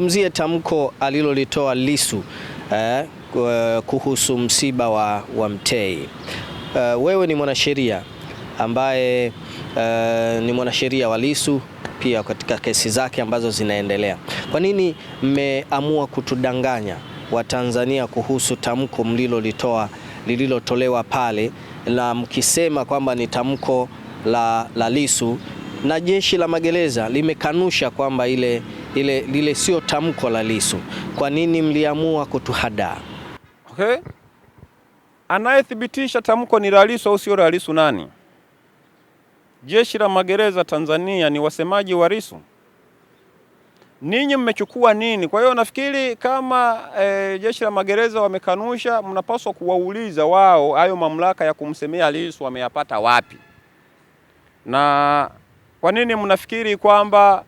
Tuzungumzie tamko alilolitoa Lissu eh, eh, kuhusu msiba wa, wa Mtei. Eh, wewe ni mwanasheria ambaye eh, ni mwanasheria wa Lissu pia katika kesi zake ambazo zinaendelea. Kwa nini mmeamua kutudanganya Watanzania kuhusu tamko mlilolitoa lililotolewa pale na mkisema kwamba ni tamko la, la Lissu na jeshi la magereza limekanusha kwamba ile ile, lile sio tamko la Lissu. Kwa nini mliamua kutuhadaa? Okay. Anayethibitisha tamko ni la Lissu au sio la Lissu nani? Jeshi la magereza Tanzania ni wasemaji wa Lissu? Ninyi mmechukua nini? Kwa hiyo nafikiri kama e, jeshi la magereza wamekanusha, mnapaswa kuwauliza wao hayo mamlaka ya kumsemea Lissu wameyapata wapi, na kwa nini mnafikiri kwamba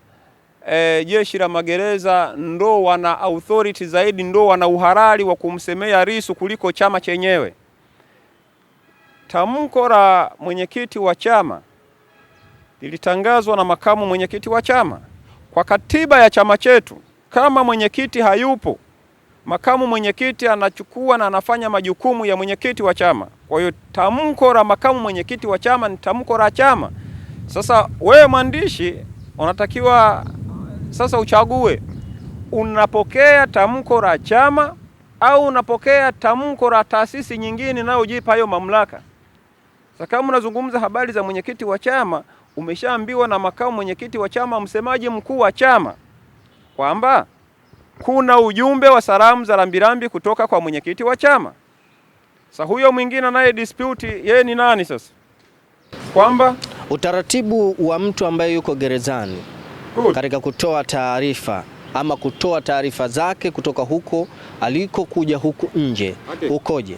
e, jeshi la magereza ndo wana authority zaidi, ndo wana uhalali wa kumsemea Lissu kuliko chama chenyewe. Tamko la mwenyekiti wa chama lilitangazwa na makamu mwenyekiti wa chama. Kwa katiba ya chama chetu, kama mwenyekiti hayupo, makamu mwenyekiti anachukua na anafanya majukumu ya mwenyekiti wa chama. Kwa hiyo tamko la makamu mwenyekiti wa chama ni tamko la chama. Sasa wewe mwandishi unatakiwa sasa uchague, unapokea tamko la chama au unapokea tamko la taasisi nyingine inayojipa hayo mamlaka? Sasa kama unazungumza habari za mwenyekiti wa chama, umeshaambiwa na makamu mwenyekiti wa chama, msemaji mkuu wa chama kwamba kuna ujumbe wa salamu za rambirambi kutoka kwa mwenyekiti wa chama. Sasa huyo mwingine naye dispute, yeye ni nani sasa? Kwamba utaratibu wa mtu ambaye yuko gerezani katika kutoa taarifa ama kutoa taarifa zake kutoka huko alikokuja huku nje ukoje?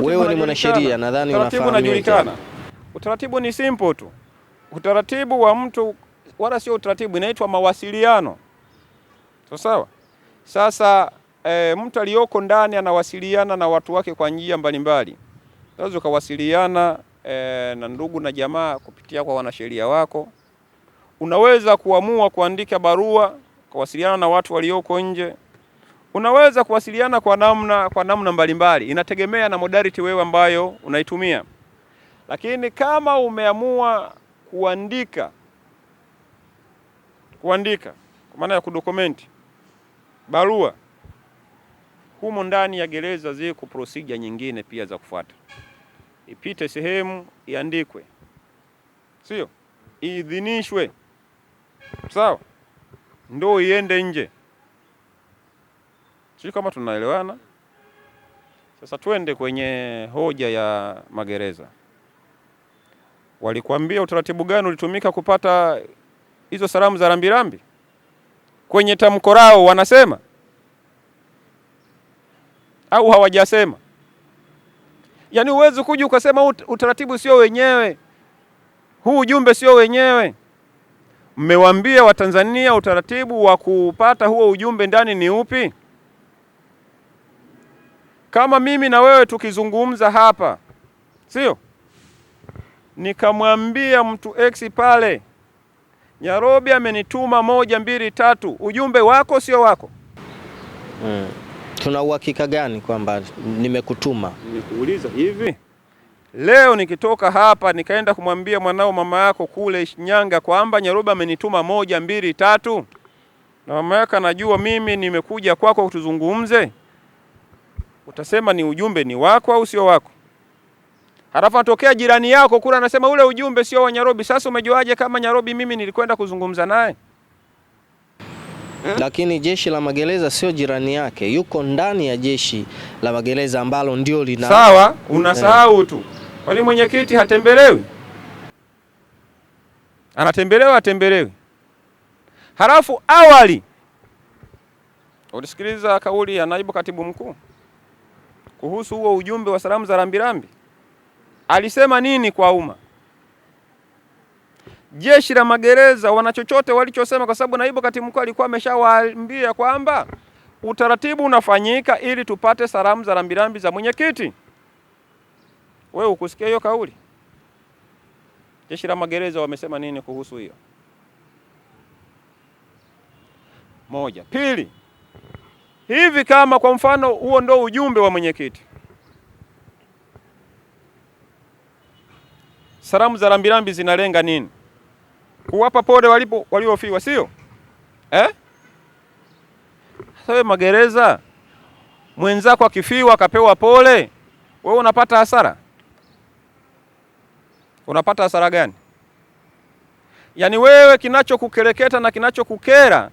Wewe ni mwanasheria, nadhani unafahamu. Utaratibu ni simple tu, utaratibu wa mtu wala sio utaratibu, inaitwa mawasiliano. So sawa. Sasa e, mtu aliyoko ndani anawasiliana na watu wake kwa njia mbalimbali. Unaweza ukawasiliana e, na ndugu na jamaa kupitia kwa wanasheria wako Unaweza kuamua kuandika barua, kuwasiliana na watu walioko nje. Unaweza kuwasiliana kwa namna kwa namna mbalimbali, inategemea na modality wewe ambayo unaitumia. Lakini kama umeamua kuandika kuandika kwa maana ya kudokumenti barua, humo ndani ya gereza ziko procedure nyingine pia za kufuata. Ipite sehemu, iandikwe, sio idhinishwe sawa, ndo iende nje. Sijui kama tunaelewana. Sasa twende kwenye hoja ya magereza. Walikwambia utaratibu gani ulitumika kupata hizo salamu za rambirambi? Kwenye tamko lao wanasema au hawajasema? Yaani huwezi kuja ukasema utaratibu sio wenyewe, huu ujumbe sio wenyewe mmewaambia Watanzania utaratibu wa kupata huo ujumbe ndani ni upi? Kama mimi na wewe tukizungumza hapa, sio nikamwambia mtu X pale, Nyarobi amenituma moja mbili tatu, ujumbe wako sio wako? Mm. Tuna uhakika gani kwamba nimekutuma? Nikuuliza hivi Leo nikitoka hapa nikaenda kumwambia mwanao mama yako kule Shinyanga kwamba Nyaroba amenituma moja mbili tatu, na mama yako anajua mimi nimekuja kwako tuzungumze, utasema ni ujumbe ni wako au sio wako? Halafu anatokea jirani yako kule anasema ule ujumbe sio wa Nyarobi. Sasa umejuaje kama Nyarobi mimi nilikwenda kuzungumza naye? Hmm? Lakini jeshi la magereza sio jirani yake, yuko ndani ya jeshi la magereza ambalo ndio lina. Sawa, unasahau hmm. tu Kwani mwenyekiti hatembelewi? Anatembelewa, hatembelewi? Halafu awali ulisikiliza kauli ya naibu katibu mkuu kuhusu huo ujumbe wa salamu za rambirambi, alisema nini kwa umma? Jeshi la magereza wana chochote walichosema? Kwa sababu naibu katibu mkuu alikuwa ameshawaambia kwamba utaratibu unafanyika ili tupate salamu za rambirambi za mwenyekiti. Wewe ukusikia hiyo kauli? Jeshi la magereza wamesema nini kuhusu hiyo? Moja. Pili, hivi kama kwa mfano huo ndo ujumbe wa mwenyekiti, salamu za rambirambi zinalenga nini? Kuwapa pole walipo waliofiwa, sio eh? Sasa magereza, mwenzako akifiwa akapewa pole, wewe unapata hasara? unapata hasara gani? Yaani wewe kinachokukereketa na kinachokukera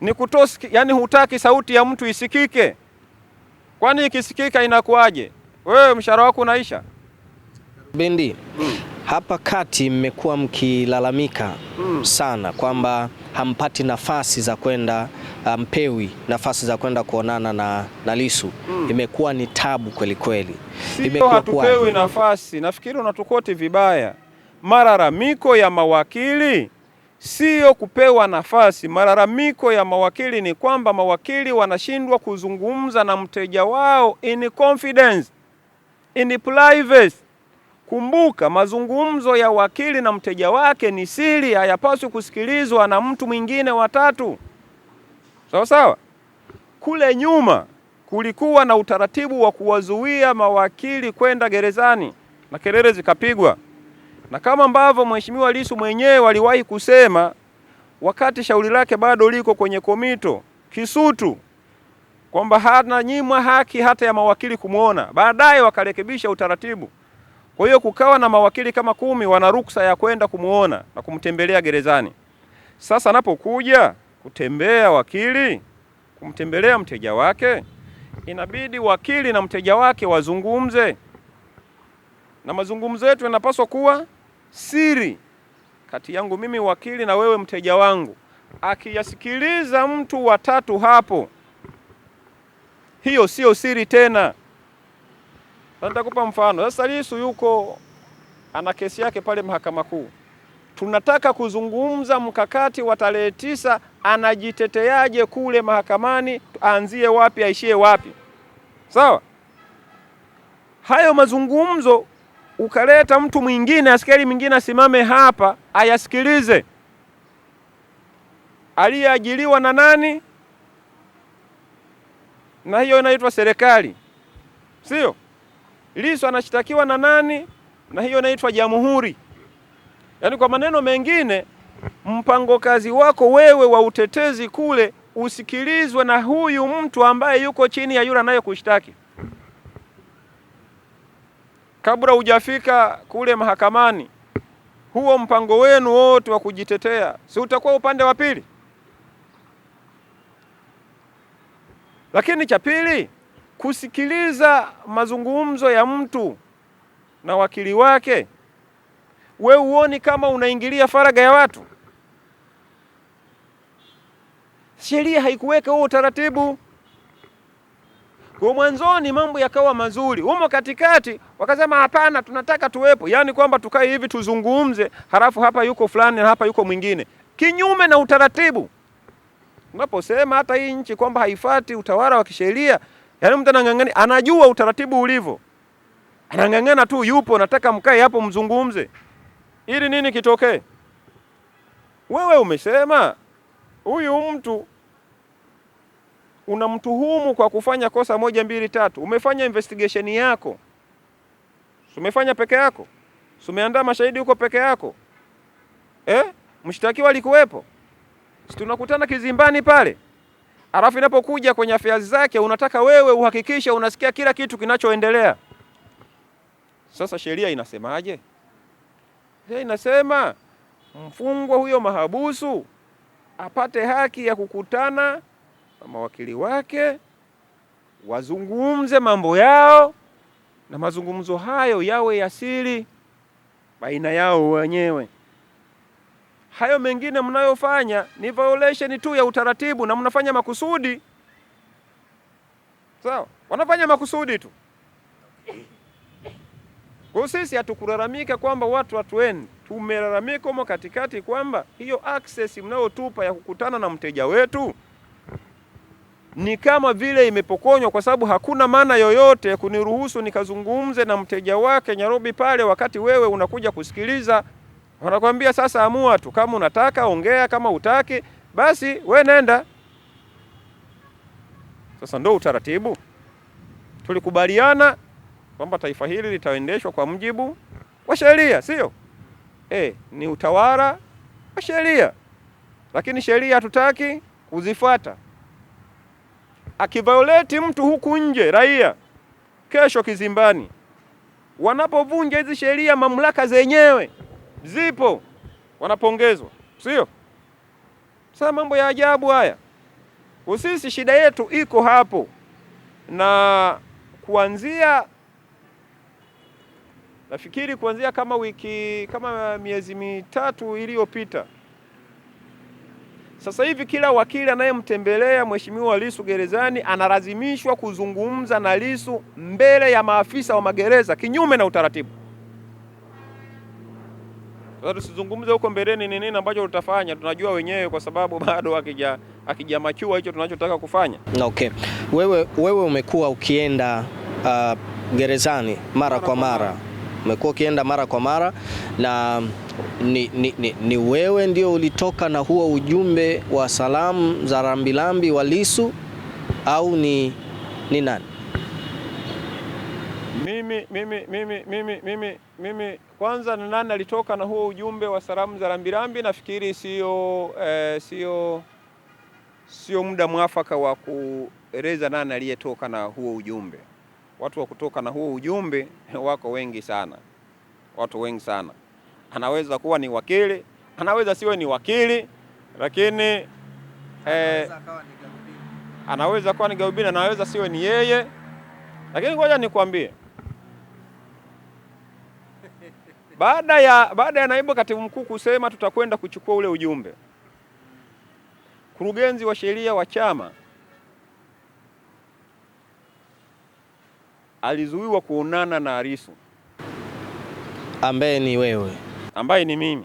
ni kutosi, yani hutaki sauti ya mtu isikike. Kwani ikisikika inakuwaje? Wewe mshahara wako unaisha. Bendi, mm. Hapa kati mmekuwa mkilalamika mm. sana kwamba hampati nafasi za kwenda mpewi nafasi za kwenda kuonana na, na Lissu mm. Imekuwa ni tabu kweli kweli, sio hatupewi nafasi. Nafikiri unatukoti vibaya. Malalamiko ya mawakili siyo kupewa nafasi. Malalamiko ya mawakili ni kwamba mawakili wanashindwa kuzungumza na mteja wao in confidence, in privacy. Kumbuka, mazungumzo ya wakili na mteja wake ni siri, hayapaswi kusikilizwa na mtu mwingine watatu sawa sawa. Kule nyuma kulikuwa na utaratibu wa kuwazuia mawakili kwenda gerezani na kelele zikapigwa, na kama ambavyo Mheshimiwa Lissu mwenyewe aliwahi kusema wakati shauri lake bado liko kwenye komito Kisutu kwamba hana nyimwa haki hata ya mawakili kumwona. Baadaye wakarekebisha utaratibu, kwa hiyo kukawa na mawakili kama kumi wana ruksa ya kwenda kumwona na kumtembelea gerezani. Sasa anapokuja kutembea wakili kumtembelea mteja wake, inabidi wakili na mteja wake wazungumze, na mazungumzo yetu yanapaswa kuwa siri, kati yangu mimi wakili na wewe mteja wangu. Akiyasikiliza mtu watatu hapo, hiyo sio siri tena. Nitakupa mfano sasa. Lisu yuko ana kesi yake pale mahakama kuu tunataka kuzungumza mkakati wa tarehe tisa, anajiteteaje kule mahakamani, aanzie wapi, aishie wapi? Sawa, hayo mazungumzo ukaleta mtu mwingine, askari mwingine asimame hapa ayasikilize. Aliyeajiliwa na nani? Na hiyo inaitwa serikali, sio? Lissu anashitakiwa na nani? Na hiyo inaitwa jamhuri. Yaani kwa maneno mengine, mpango kazi wako wewe wa utetezi kule usikilizwe na huyu mtu ambaye yuko chini ya yule anayekushtaki. Kabla hujafika kule mahakamani, huo mpango wenu wote wa kujitetea, si utakuwa upande wa pili? Lakini cha pili, kusikiliza mazungumzo ya mtu na wakili wake we huoni kama unaingilia faraga ya watu? Sheria haikuweka huo utaratibu. Kwa mwanzoni mambo yakawa mazuri, humo katikati wakasema hapana, tunataka tuwepo, yaani kwamba tukae hivi tuzungumze, halafu hapa yuko fulani na hapa yuko mwingine, kinyume na utaratibu. Unaposema hata hii nchi kwamba haifati utawala wa kisheria, yaani mtu anang'ang'ana, anajua utaratibu ulivyo, anang'ang'ana tu, yupo nataka mkae hapo mzungumze ili nini kitokee? Wewe umesema huyu mtu unamtuhumu kwa kufanya kosa moja mbili tatu. Umefanya investigation yako, sumefanya peke yako, sumeandaa mashahidi huko peke yako eh? Mshtakiwa alikuwepo, si tunakutana kizimbani pale, alafu inapokuja kwenye afya zake unataka wewe uhakikishe unasikia kila kitu kinachoendelea. Sasa sheria inasemaje? Sheria inasema mfungwa huyo mahabusu apate haki ya kukutana na mawakili wake, wazungumze mambo yao, na mazungumzo hayo yawe ya siri baina yao wenyewe. Hayo mengine mnayofanya ni violation tu ya utaratibu na mnafanya makusudi. Sawa, wanafanya makusudi tu. Kwa hiyo sisi hatukulalamika kwamba watu watueni, tumelalamika humo katikati kwamba hiyo access mnayotupa ya kukutana na mteja wetu ni kama vile imepokonywa, kwa sababu hakuna maana yoyote kuniruhusu nikazungumze na mteja wake Nairobi pale, wakati wewe unakuja kusikiliza. Wanakwambia sasa, amua tu, kama unataka ongea, kama utaki basi we nenda. Sasa ndo utaratibu tulikubaliana kwamba taifa hili litaendeshwa kwa mujibu wa sheria, sio e, ni utawala wa sheria, lakini sheria hatutaki kuzifata. Akivioleti mtu huku nje, raia kesho kizimbani. Wanapovunja hizi sheria, mamlaka zenyewe zipo, wanapongezwa, sio sasa. Mambo ya ajabu haya. Usisi shida yetu iko hapo na kuanzia nafikiri kuanzia kama wiki kama miezi mitatu iliyopita. Sasa hivi kila wakili anayemtembelea Mheshimiwa lisu gerezani analazimishwa kuzungumza na lisu mbele ya maafisa wa magereza kinyume na utaratibu. Sasa tusizungumze huko mbeleni ni nini ambacho tutafanya, tunajua wenyewe kwa sababu bado akija akijamachua hicho tunachotaka kufanya. Okay. Wewe, wewe umekuwa ukienda uh, gerezani mara, mara kwa mara, mara umekuwa ukienda mara kwa mara na ni, ni, ni, ni wewe ndio ulitoka na huo ujumbe wa salamu za rambirambi wa Lissu au ni, ni nani? Mimi, mimi, mimi, mimi, mimi, mimi kwanza ni nani alitoka na huo ujumbe wa salamu za rambirambi? Nafikiri sio eh, sio sio muda mwafaka wa kueleza nani aliyetoka na huo ujumbe watu wa kutoka na huo ujumbe wako wengi sana, watu wengi sana. Anaweza kuwa ni wakili, anaweza siwe ni wakili, lakini eh, anaweza kuwa ni gaubini, anaweza siwe ni yeye. Lakini ngoja nikwambie, baada ya, baada ya naibu katibu mkuu kusema tutakwenda kuchukua ule ujumbe, mkurugenzi wa sheria wa chama alizuiwa kuonana na Lissu. Ambaye ni wewe? Ambaye ni mimi.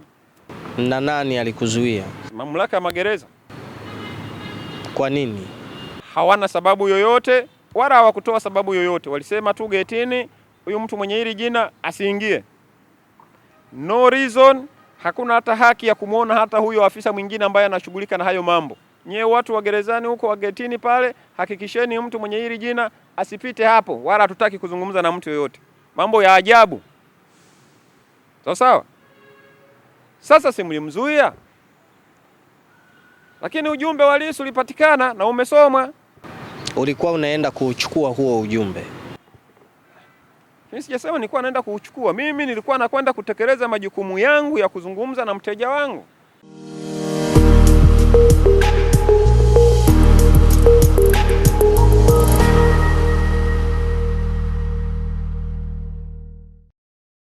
Na nani alikuzuia? Mamlaka ya magereza. Kwa nini? Hawana sababu yoyote wala hawakutoa sababu yoyote, walisema tu getini, huyu mtu mwenye hili jina asiingie. No reason, hakuna hata haki ya kumwona hata huyo afisa mwingine ambaye anashughulika na hayo mambo. Nyewe watu wa gerezani huko wa getini pale, hakikisheni mtu mwenye hili jina asipite hapo, wala hatutaki kuzungumza na mtu yoyote. Mambo ya ajabu, sawa sawa. Sasa si mlimzuia, lakini ujumbe wa Lissu ulipatikana na umesomwa. Ulikuwa unaenda kuuchukua huo ujumbe? Mimi sijasema nilikuwa naenda kuuchukua. Mimi nilikuwa nakwenda kutekeleza majukumu yangu ya kuzungumza na mteja wangu.